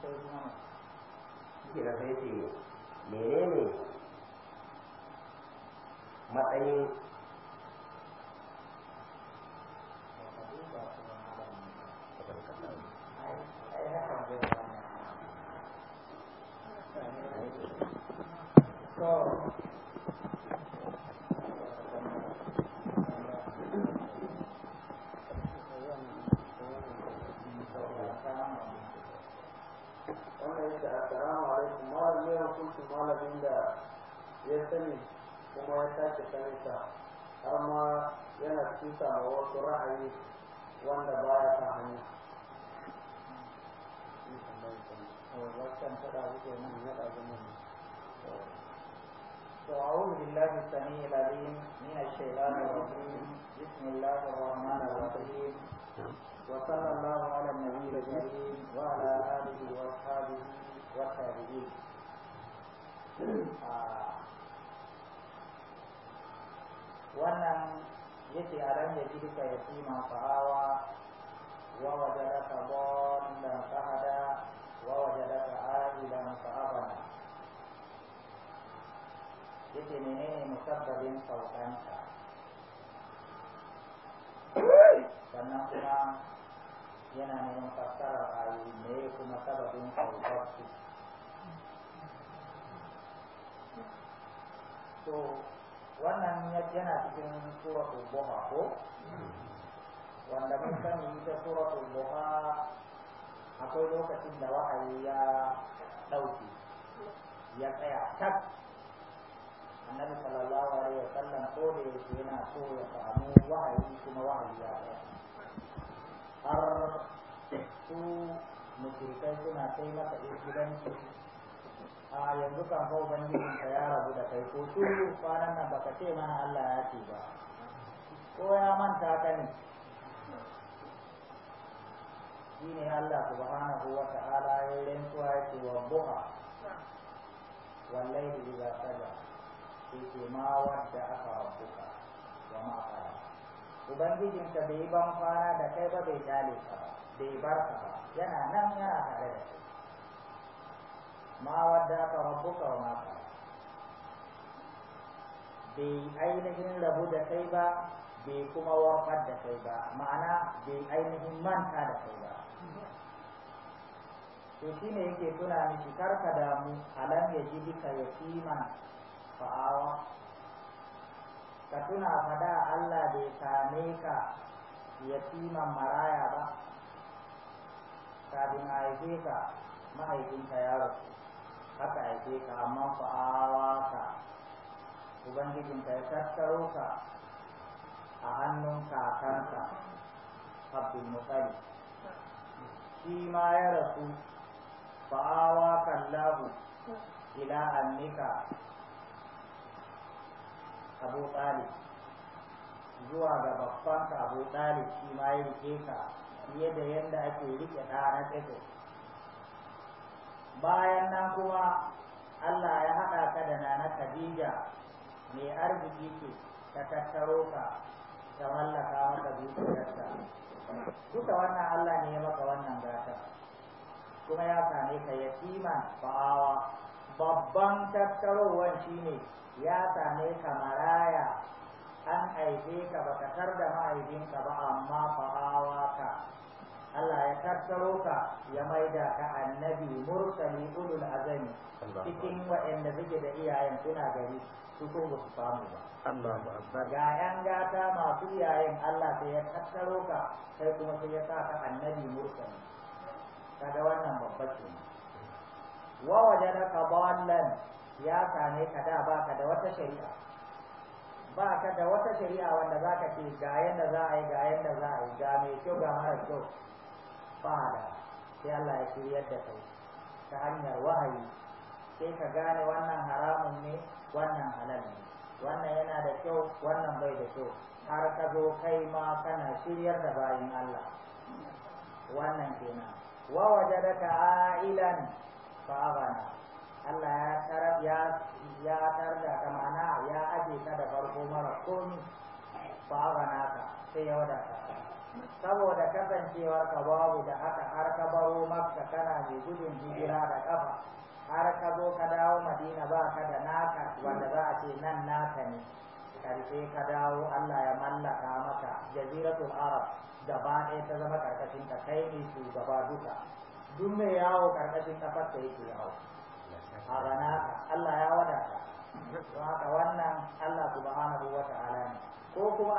shi na sai ce menene matsayin Oh. hukuncin malamin da ya sani kuma ya sake saninsa har ma yana cuta ma wasu ra'ayi wanda ba ya sa hannu وأعوذ بالله السميع العليم من الشيطان الرجيم بسم الله الرحمن الرحيم وصلى الله على النبي الكريم وعلى آله وأصحابه والتابعين Ah. wannan yake a ran da jirka ya fi fa'awa wa wajadaka dallan fahada wa wajadaka ajilan fa'abana yake menene musabbabin saukanta sannan kuma yana neman fassara yi ne kuma sababin saukarsu to wannan yana cikin suratul buha ko wanda mun sani ita suratul buha akwai lokacin da wahayi ya ɗauke ya tsaya tak annabi sallallahu alaihi wa sallam ko da yake yana so ya samu wahayi kuma wahayi ya tsaya har su kai suna kai masa su. a yanzu kan fa ubangijin ka ya rabu da kai ko shiru kwanan nan baka ce mana Allah ya ce ba ko ya manta ka ne shine Allah subhanahu wa ta'ala ya rantsuwa yake wa buha wallahi idza saja ke ma wadda aka rabbuka wa ma qala ubangijin ka bai ban kwana da kai ba bai dale bai bar ka ba yana nan yana tare da kai ma wadda ka wa ka bai ainihin rabu da kai ba bai kuma warkar da kai ba ma'ana bai ainihin manta da kai ba to shi ne yake tuna miki karka damu alam ya ji duka yatiman fa'awa ka tuna fada Allah bai same ka yatiman maraya ba kafin a haife ka mahaifinka ya rasu haka ake ka amma awa ka ka ya tattaro ka a hannun kakanka abdul mutsari shi ma ya rasu fa'awa kallahu ila annika abu talib zuwa ga babbanka abu talib shi ma ya rike ka fiye da yadda ake rike ɗa na tsaye bayan nan kuma Allah ya haɗa ka da nana Khadija mai arziki ce ta tattaro ka ta mallaka maka dukiyarta duka wannan Allah ne ya maka wannan gata kuma ya same ka yatima ba'awa babban tattarowan shine ya same ka maraya an haife ka baka tar da mahaifinka ba amma fa'awa ka Allah ya tattaro ka ya maida ka annabi mursali ulul azami cikin waɗanda suke da iyayen suna gari su ko ba su samu ba ga yan gata masu iyayen Allah sai ya tattaro ka sai kuma sai ya sa ka annabi mursali kaga wannan babba ce wa ka ballan ya same ka da baka da wata shari'a ba ka da wata shari'a wanda zaka ce ga yadda za a yi ga yadda za a yi ga mai kyau ga mara kyau fada sai Allah ya shiryar da kai ta hanyar wahayi sai ka gane wannan haramun ne wannan halal ne wannan yana da kyau wannan bai da kyau har ka zo kai ma kana shiryar da bayan Allah wannan kenan wa wajadaka ailan fa aghana Allah ya tarar ya ya tarda ta ma'ana ya aje ka da farko mara komi fa aghana ka sai ya wadata saboda kasancewar ka babu da haka har ka baro makka kana mai gudun hijira da kafa har ka zo ka dawo madina ba ka da naka wanda za a ce nan naka ne karshe ka dawo allah ya mallaka maka jaziratul arab ba ɗaya ta zama karkashin ka kai ne su shugaba duka duk mai yawo karkashin kafar ka yake yawo a ranaka allah ya wadata haka wannan Allah subhanahu wa ta'ala ne ko kuma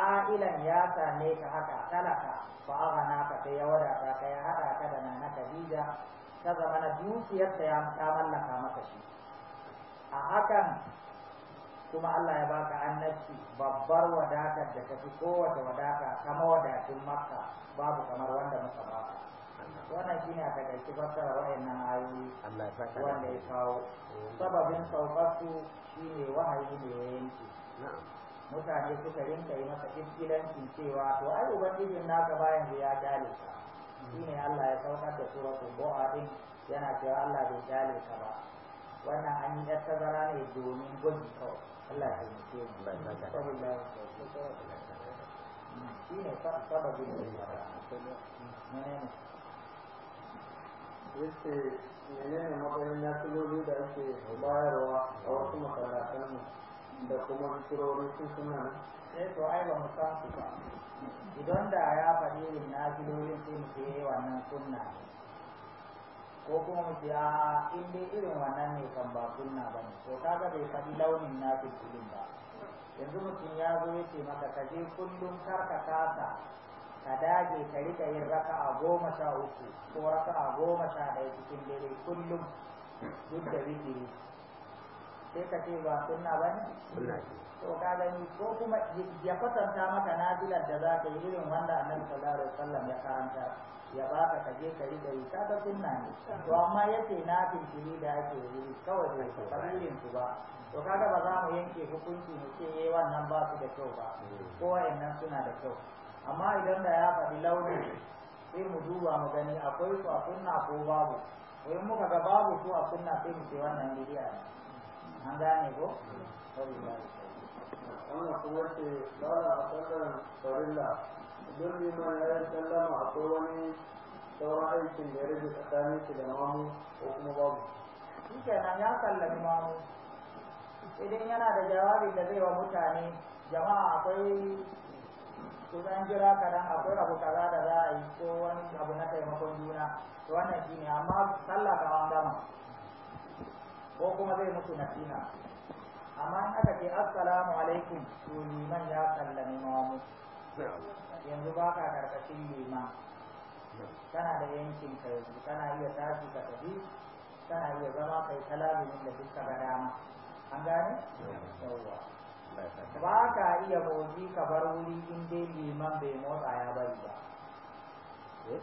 a'a ilan ya same ka haka talaka fa aghana ka sai ya wadata ka ya hada ka da nana kadija ta zama na dukiyar ta ya ta mallaka maka shi a hakan kuma Allah ya baka annabci babbar wadatar da ta fi kowace wadata kama wadatun Makka babu kamar wanda muka baka wannan shi ne a takaice fassara wa'annan ayoyi wanda ya kawo sababin saukarsu shi ne wahayi ne ya yanke mutane suka rinka yi masa iskilancin cewa to ai ubangijin naka bayan ya ka shi ne Allah ya saukar da suratul bu'a din yana cewa Allah bai kyale ka ba wannan an yi yar tazara ne domin gwaji kawai Allah ya taimake mu saboda shi ne sababin da ya yace menene matsayin nasiloli da ake bayarwa a wasu makarantunmu da kuma bisirorin sun suna sai eh, to ai ba mu san su ba idan da ya faɗi irin nasilolin sai mu ce eh, wannan sunna ko kuma mu ce a in dai irin wannan ne kan ba sunna ba ne to kaga bai faɗi launin nasilolin ba yanzu mutum ya zo ya ce maka ka kullum karka kasa ka dage ka rika yin a goma sha uku ko raka a goma sha ɗaya cikin dare kullum duk da wikiri sai ka ce ba sunna ba ne to ka gani ko kuma ya kwatanta maka nafilar da za ka yi irin wanda annabi sallallahu alaihi wasallam ya karanta ya baka ka je ka rika yi ga sunna ne to amma yace na fili da ake yi kawai da kabirin su ba to kaga ba za mu yanke hukunci mu ce eh wannan ba su da kyau ba mm. ko wayannan suna da kyau amma idan da ya faɗi launin sai mu duba mu gani akwai su a sunna ko babu ko in muka ga babu su a sunna sai mu ce wannan bidiya ne an gane ko wannan kuma ce bala a sallan farilla don liman ya yi sallama akwai wani sauran aikin da ya rage tsakanin shi da mamu ko kuma babu shi kenan ya sallami mamu idan yana da jawabi da zai wa mutane jama'a akwai in an jira kaɗan akwai abu kaza da za a yi ko wani abu na taimakon juna to wannan shi ne amma sallah ka wanda ma ko kuma zai mutu nasiha amma in aka ce assalamu alaikum to liman ya sallami mamu yanzu ba ka karkashin liman kana da yankin ka yanzu kana iya tashi ka tafi kana iya zama kai talabimin da duka ga dama an gane yawwa ba ka iya boji ka bar wuri in dai liman bai motsa ya bari ba eh?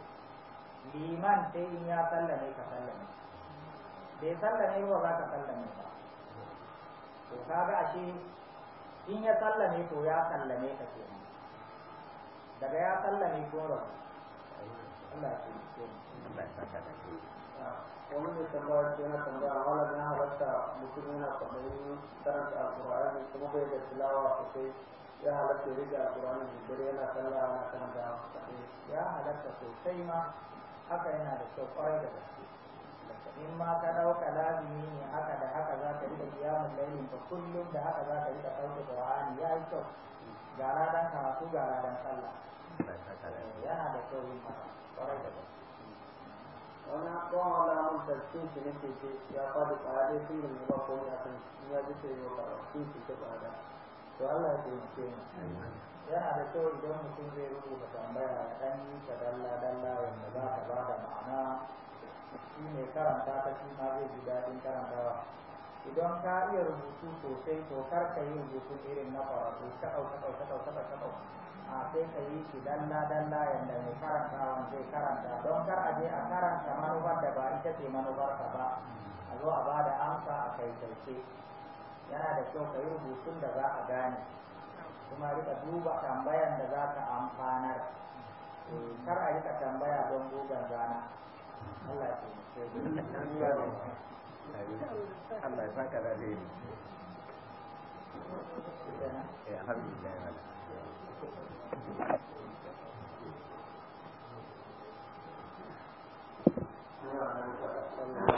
liman sai in ya sallame ka sallame bai sallame ba za ka sallame ba to ga ashe in ya sallame to ya sallame ka kenan daga ya sallame ko rabu Allah ya ce wani mai tambaya ce yana tambaya malam ya halatta mutum yana kwaɗayin karanta alƙur'ani kuma bai da tilawa sosai ya halatta ya rike alƙur'ani da dare yana ya halatta sosai ma haka yana da kyau kwarai da gaske in ma ka ɗauka labini ne haka da haka za ka ba kullum da haka za ka rika ɗauka ƙur'ani ya yi kyau karatu yana da kyau da gaske wani kowa da mun sarkin shi nake ce ya faɗi tsare sun da ne ba komai a kan shi ya ji sai yau ba sun ce ta tsada to Allah ya taimake mu yana da kyau idan mutum zai rubuta tambaya ya ɗan yi ta dalla dalla wanda za ka ba da ma'ana shi ne karanta ta shi ma zai ji daɗin karantawa idan ka iya rubutu sosai to kar ka yi rubutun irin na faratu ka ɗauka ɗauka ɗauka ɗauka ɗauka a sai ka yi shi dalla dalla yadda mai wani zai karanta don kar a je a karanta manufar da ba ita ce manufarka ba a zo a ba da amsa a kai kaice yana da kyau ka yi rubutun da za a gane kuma rika duba tambayan da za ka amfanar eh, kar a rika tambaya don gogon rana Allah ya Allah ya saka da よかった。